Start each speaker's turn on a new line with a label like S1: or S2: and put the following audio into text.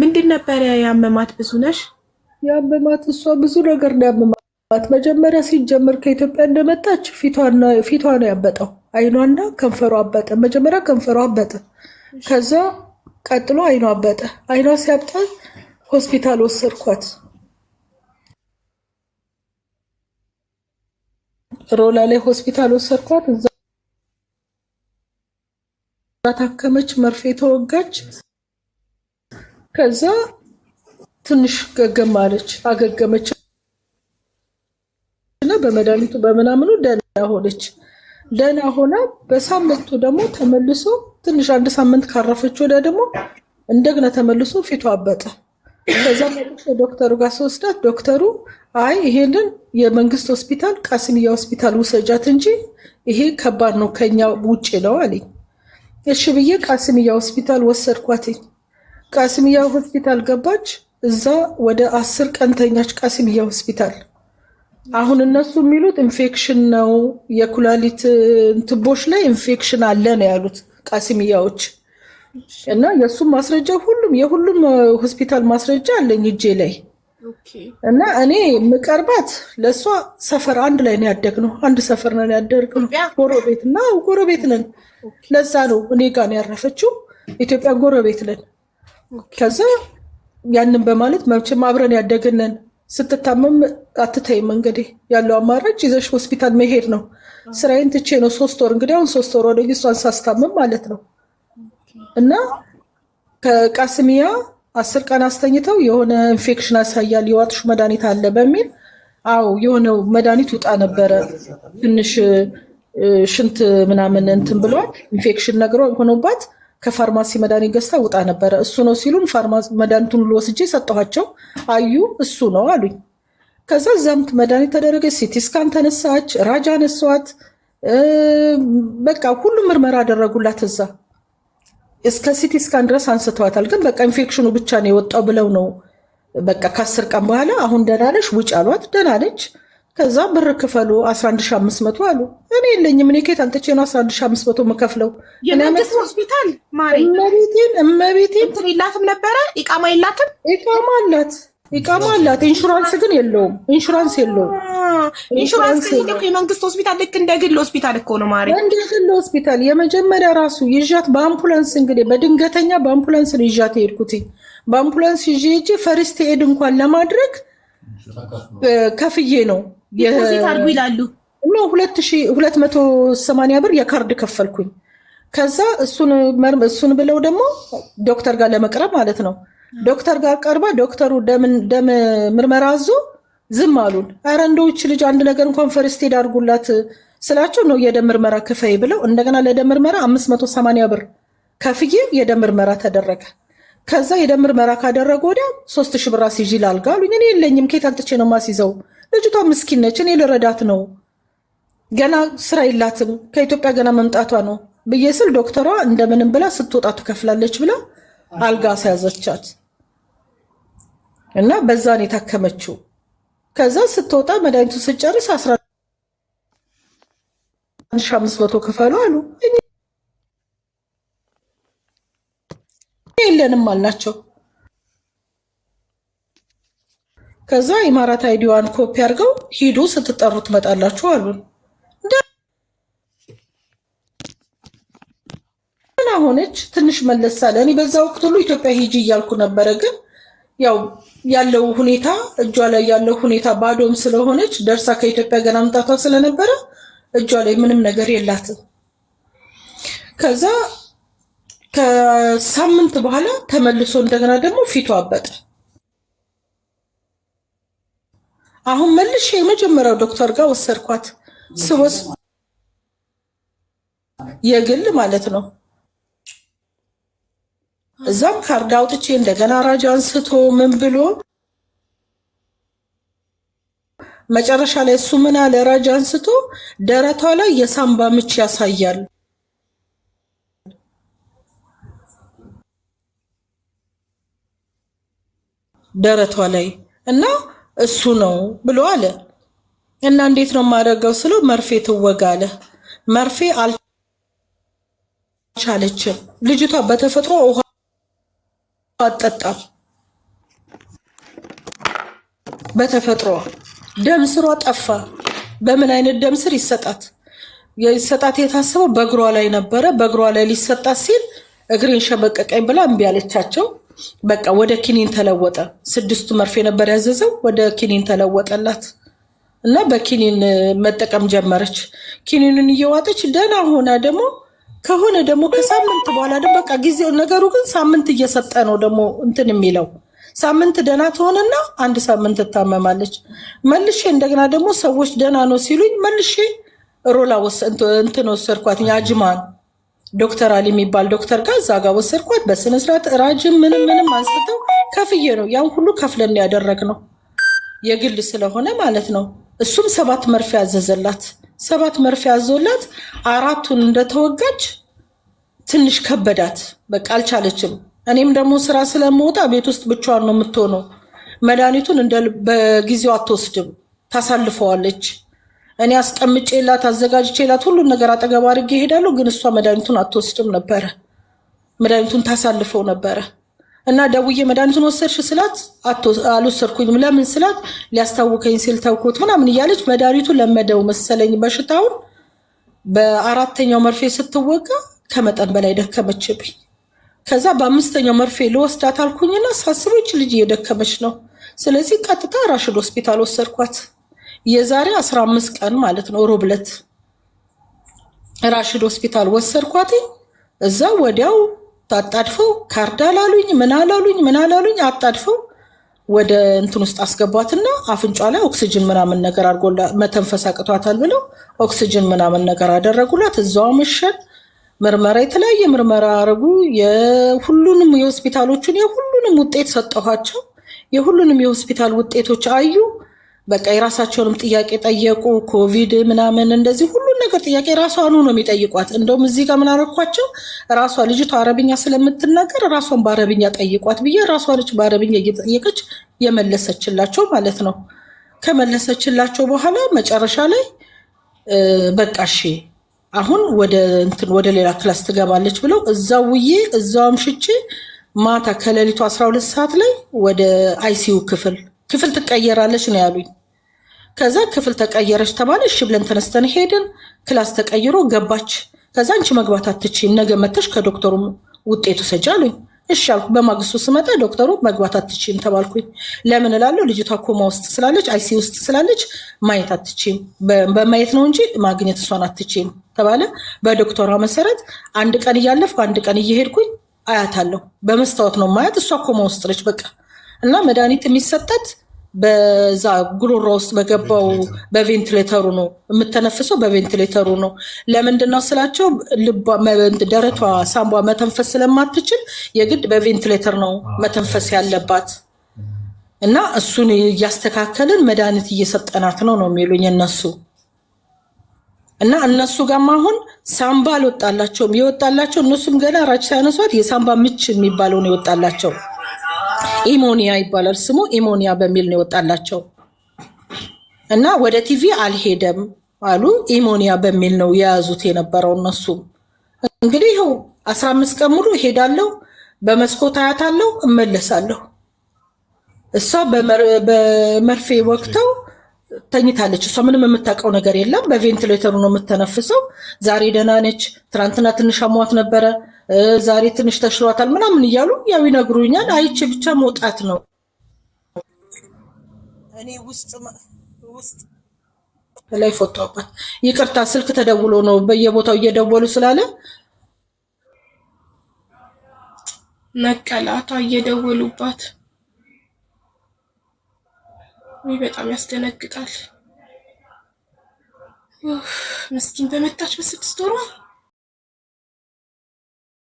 S1: ምንድን ነበር ያመማት? ብዙ ነሽ
S2: ያመማት? እሷ ብዙ ነገር ነው ያመማት። መጀመሪያ ሲጀመር ከኢትዮጵያ እንደመጣች ፊቷ ነው ያበጠው፣ አይኗና ከንፈሯ አበጠ። መጀመሪያ ከንፈሯ አበጠ፣ ከዛ ቀጥሎ አይኗ አበጠ። አይኗ ሲያብጣ ሆስፒታል ወሰድኳት። ሮላ ላይ ሆስፒታል ወሰድኳት። እዛ ታከመች፣ መርፌ ተወጋች። ከዛ ትንሽ ገገም አለች፣ አገገመች እና በመድኃኒቱ በምናምኑ ደህና ሆነች። ደህና ሆና በሳምንቱ ደግሞ ተመልሶ ትንሽ አንድ ሳምንት ካረፈች ወዲያ ደግሞ እንደገና ተመልሶ ፊቱ አበጠ። ከዛ መልሶ ዶክተሩ ጋር ስወስዳት ዶክተሩ አይ ይሄንን የመንግስት ሆስፒታል ቃስሚያ ሆስፒታል ውሰጃት እንጂ ይሄ ከባድ ነው ከኛ ውጭ ነው አለኝ። እሺ ብዬ ቃስሚያ ሆስፒታል ወሰድኳትኝ። ቃስሚያ ሆስፒታል ገባች። እዛ ወደ አስር ቀን ተኛች ቃስሚያ ሆስፒታል። አሁን እነሱ የሚሉት ኢንፌክሽን ነው፣ የኩላሊት ትቦች ላይ ኢንፌክሽን አለ ነው ያሉት ቃስሚያዎች። እና የእሱም ማስረጃ ሁሉም የሁሉም ሆስፒታል ማስረጃ አለኝ እጄ ላይ እና እኔ የምቀርባት ለእሷ ሰፈር አንድ ላይ ነው ያደግነው፣ አንድ ሰፈር ነን ያደርግነው፣ ጎረቤት እና ጎረቤት ነን። ለዛ ነው እኔ ጋር ነው ያረፈችው። ኢትዮጵያ ጎረቤት ነን። ከዛ ያንን በማለት መቼም አብረን ያደግንን ስትታመም አትተይም። እንግዲህ ያለው አማራጭ ይዘሽ ሆስፒታል መሄድ ነው። ስራዬን ትቼ ነው ሶስት ወር እንግዲህ አሁን ሶስት ወር ወደ እሷን ሳስታመም ማለት ነው። እና ከቃስሚያ አስር ቀን አስተኝተው የሆነ ኢንፌክሽን ያሳያል የዋጥሹ መድኃኒት አለ በሚል አው የሆነው መድኃኒት ውጣ ነበረ ትንሽ ሽንት ምናምን እንትን ብሏል። ኢንፌክሽን ነግሮ ሆኖባት ከፋርማሲ መድኃኒት ገዝታ ውጣ ነበረ እሱ ነው ሲሉን መድኃኒቱን ልወስጄ ሰጠኋቸው። አዩ እሱ ነው አሉኝ። ከዛ እዛም መድኃኒት ተደረገች። ሲቲስካን ተነሳች፣ ራጃ አነሷት። በቃ ሁሉም ምርመራ አደረጉላት እዛ እስከ ሲቲስካን ድረስ አንስተዋታል። ግን በቃ ኢንፌክሽኑ ብቻ ነው የወጣው ብለው ነው በቃ ከአስር ቀን በኋላ አሁን ደህና ነሽ ውጭ አሏት። ደህና ነች። ከዛ ብር ክፈሉ 11500 አሉ። እኔ የለኝም። እኔ ከየት አንጥቼ ነው 11500 የምከፍለው?
S1: የመንግስት ሆስፒታል ማሪ
S2: እመቤቴን
S1: እንትን የላትም ነበረ። ኢቃማ የላትም።
S2: ኢቃማ አላት ኢቃማ አላት። ኢንሹራንስ ግን የለውም። ኢንሹራንስ የለውም።
S1: ኢንሹራንስ የመንግስት ሆስፒታል ልክ እንደ ግል ሆስፒታል እኮ ነው ማሪ፣
S2: እንደ ግል ሆስፒታል የመጀመሪያ ራሱ ይዣት በአምቡላንስ እንግዲህ በድንገተኛ በአምቡላንስ ነው ይዣት የሄድኩት። በአምቡላንስ ይዤ ሄጄ ፈርስት ኤድ እንኳን ለማድረግ ከፍዬ ነው አድርጉ ይላሉ። ሁለት መቶ ሰማንያ ብር የካርድ ከፈልኩኝ። ከዛ እሱን ብለው ደግሞ ዶክተር ጋር ለመቅረብ ማለት ነው። ዶክተር ጋር ቀርባ ዶክተሩ ደም ምርመራ አዞ ዝም አሉን። ኧረ ልጅ አንድ ነገር እንኳን ፈርስት ኤድ አድርጉላት ስላቸው ነው የደም ምርመራ ክፈይ ብለው እንደገና ለደም ምርመራ አምስት መቶ ሰማንያ ብር ከፍዬ የደም ምርመራ ተደረገ። ከዛ የደም ምርመራ ካደረጉ ወዲያ ሶስት ሺ ብር አስይዥ ላልጋ አሉኝ። እኔ የለኝም፣ ከየት አምጥቼ ነው ማስይዘው? ልጅቷ ምስኪን ነች፣ እኔ ልረዳት ነው፣ ገና ስራ የላትም፣ ከኢትዮጵያ ገና መምጣቷ ነው ብዬ ስል ዶክተሯ እንደምንም ብላ ስትወጣ ትከፍላለች ብላ አልጋ አስያዘቻት እና በዛ ነው የታከመችው። ከዛ ስትወጣ መድኃኒቱ ስጨርስ አስራ አንድ አምስት መቶ ክፈሉ አሉ። የለንም አልናቸው። ከዛ የማራት አይዲዋን ኮፒ አድርገው ሂዱ ስትጠሩ ትመጣላችሁ አሉን። ደህና ሆነች። ትንሽ መለስ አለ። እኔ በዛ ወቅት ሁሉ ኢትዮጵያ ሂጂ እያልኩ ነበረ። ግን ያው ያለው ሁኔታ እጇ ላይ ያለው ሁኔታ ባዶም ስለሆነች ደርሳ ከኢትዮጵያ ገና መምጣቷ ስለነበረ እጇ ላይ ምንም ነገር የላትም። ከዛ ከሳምንት በኋላ ተመልሶ እንደገና ደግሞ ፊቱ አበጠ። አሁን መልሼ የመጀመሪያው ዶክተር ጋር ወሰድኳት። ስወስ የግል ማለት ነው። እዛም ካርድ አውጥቼ እንደገና ራጅ አንስቶ ምን ብሎ መጨረሻ ላይ እሱ ምን አለ? ራጅ አንስቶ ደረቷ ላይ የሳምባ ምች ያሳያል ደረቷ ላይ እና እሱ ነው ብሎ አለ እና እንዴት ነው የማደርገው ስለው መርፌ ትወጋ አለ። መርፌ አልቻለችም ልጅቷ በተፈጥሮ ውሃ አጠጣም በተፈጥሮ ደም ስሯ ጠፋ። በምን አይነት ደም ስር ይሰጣት ይሰጣት የታሰበው በእግሯ ላይ ነበረ። በእግሯ ላይ ሊሰጣት ሲል እግሬን ሸበቀቀኝ ብላ እምቢ አለቻቸው። በቃ ወደ ኪኒን ተለወጠ። ስድስቱ መርፌ ነበር ያዘዘው፣ ወደ ኪኒን ተለወጠላት እና በኪኒን መጠቀም ጀመረች። ኪኒንን እየዋጠች ደህና ሆና ደግሞ ከሆነ ደግሞ ከሳምንት በኋላ ደግሞ በቃ ጊዜ ነገሩ ግን ሳምንት እየሰጠ ነው ደግሞ እንትን የሚለው ሳምንት ደህና ትሆንና አንድ ሳምንት ትታመማለች። መልሼ እንደገና ደግሞ ሰዎች ደህና ነው ሲሉኝ መልሼ ሮላ እንትን ወሰድኳት አጅማን ዶክተር አሊ የሚባል ዶክተር ጋር እዛ ጋር ወሰድኳት። በስነስርዓት ራጅም ምንም ምንም አንስተው ከፍዬ ነው ያን ሁሉ ከፍለን ያደረግ ነው የግል ስለሆነ ማለት ነው። እሱም ሰባት መርፌ ያዘዘላት። ሰባት መርፌ ያዞላት። አራቱን እንደተወጋች ትንሽ ከበዳት፣ በቃ አልቻለችም። እኔም ደግሞ ስራ ስለመውጣ ቤት ውስጥ ብቻዋን ነው የምትሆነው። መድኃኒቱን በጊዜው አትወስድም፣ ታሳልፈዋለች። እኔ አስቀምጬላት አዘጋጅቼላት ሁሉን ነገር አጠገብ አድርጌ ይሄዳሉ፣ ግን እሷ መድኃኒቱን አትወስድም ነበረ። መድኃኒቱን ታሳልፈው ነበረ እና ደውዬ መድኃኒቱን ወሰድሽ ስላት አልወሰድኩኝም። ለምን ስላት ሊያስታውከኝ ሲል ተውኩት ምናምን እያለች መድኃኒቱ ለመደው መሰለኝ በሽታውን። በአራተኛው መርፌ ስትወጋ ከመጠን በላይ ደከመችብኝ። ከዛ በአምስተኛው መርፌ ልወስዳት አልኩኝና ሳስቦች ልጅ እየደከመች ነው። ስለዚህ ቀጥታ ራሽድ ሆስፒታል ወሰድኳት። የዛሬ አስራ አምስት ቀን ማለት ነው ሮብለት ራሽድ ሆስፒታል ወሰድኳትኝ። እዛ ወዲያው አጣድፈው ካርድ አላሉኝ፣ ምን አላሉኝ፣ ምን አላሉኝ። አጣድፈው ወደ እንትን ውስጥ አስገባትና አፍንጫ ላይ ኦክስጅን ምናምን ነገር አድርጎላ መተንፈስ አቅቷታል ብለው ኦክስጅን ምናምን ነገር አደረጉላት። እዛው ምሽን ምርመራ የተለያየ ምርመራ አረጉ። የሁሉንም የሆስፒታሎቹን የሁሉንም ውጤት ሰጠኋቸው። የሁሉንም የሆስፒታል ውጤቶች አዩ። በቃ የራሳቸውንም ጥያቄ ጠየቁ። ኮቪድ ምናምን እንደዚህ ሁሉን ነገር ጥያቄ ራሷኑ ነው የሚጠይቋት። እንደውም እዚህ ጋር ምናረኳቸው ራሷ ልጅቷ አረብኛ ስለምትናገር ራሷን በአረብኛ ጠይቋት ብዬ ራሷ ልጅ በአረብኛ እየጠየቀች የመለሰችላቸው ማለት ነው። ከመለሰችላቸው በኋላ መጨረሻ ላይ በቃ እሺ አሁን ወደ እንትን ወደ ሌላ ክላስ ትገባለች ብለው እዛው ውዬ እዛውም ሽቼ ማታ ከሌሊቱ 12 ሰዓት ላይ ወደ አይሲዩ ክፍል ክፍል ትቀየራለች ነው ያሉኝ። ከዛ ክፍል ተቀየረች ተባለ። እሺ ብለን ተነስተን ሄድን። ክላስ ተቀይሮ ገባች። ከዛ አንቺ መግባት አትችይም፣ ነገ መተሽ ከዶክተሩ ውጤቱ ሰጃ አሉኝ። እሺ አልኩ። በማግስቱ ስመጣ ዶክተሩ መግባት አትችይም ተባልኩኝ። ለምን እላለሁ፣ ልጅቷ ኮማ ውስጥ ስላለች፣ አይሲ ውስጥ ስላለች ማየት አትችይም፣ በማየት ነው እንጂ ማግኘት እሷን አትችይም ተባለ። በዶክተሯ መሰረት አንድ ቀን እያለፍኩ አንድ ቀን እየሄድኩኝ አያታለሁ። በመስታወት ነው ማያት፣ እሷ ኮማ ውስጥ ነች በቃ እና መድኃኒት የሚሰጠት በዛ ጉሮሮ ውስጥ በገባው በቬንትሌተሩ ነው የምተነፍሰው፣ በቬንትሌተሩ ነው። ለምንድን ነው ስላቸው ደረቷ ሳምቧ መተንፈስ ስለማትችል የግድ በቬንትሌተር ነው መተንፈስ ያለባት እና እሱን እያስተካከልን መድኃኒት እየሰጠናት ነው ነው የሚሉኝ እነሱ እና እነሱ ጋማ አሁን ሳምባ አልወጣላቸውም። የወጣላቸው እነሱም ገና ራች ሳያነሷት የሳምባ ምች የሚባለውን የወጣላቸው ኢሞኒያ ይባላል ስሙ። ኢሞኒያ በሚል ነው የወጣላቸው እና ወደ ቲቪ አልሄደም አሉ። ኢሞኒያ በሚል ነው የያዙት የነበረው። እነሱም እንግዲህ ይኸው አስራ አምስት ቀን ሙሉ እሄዳለሁ፣ በመስኮት አያታለሁ፣ እመለሳለሁ። እሷ በመርፌ ወቅተው ተኝታለች። እሷ ምንም የምታውቀው ነገር የለም። በቬንትሌተሩ ነው የምተነፍሰው። ዛሬ ደህና ነች፣ ትናንትና ትንሽ አሟት ነበረ፣ ዛሬ ትንሽ ተሽሏታል ምናምን እያሉ ያው ይነግሩኛል። አይቼ ብቻ መውጣት ነው። እኔ ውስጥ ላይ ፎቶባት ይቅርታ፣ ስልክ ተደውሎ ነው በየቦታው እየደወሉ ስላለ ነቀላቷ እየደወሉባት ወይ በጣም ያስደነግጣል። ምስኪን በመጣች በስድስት ወሯ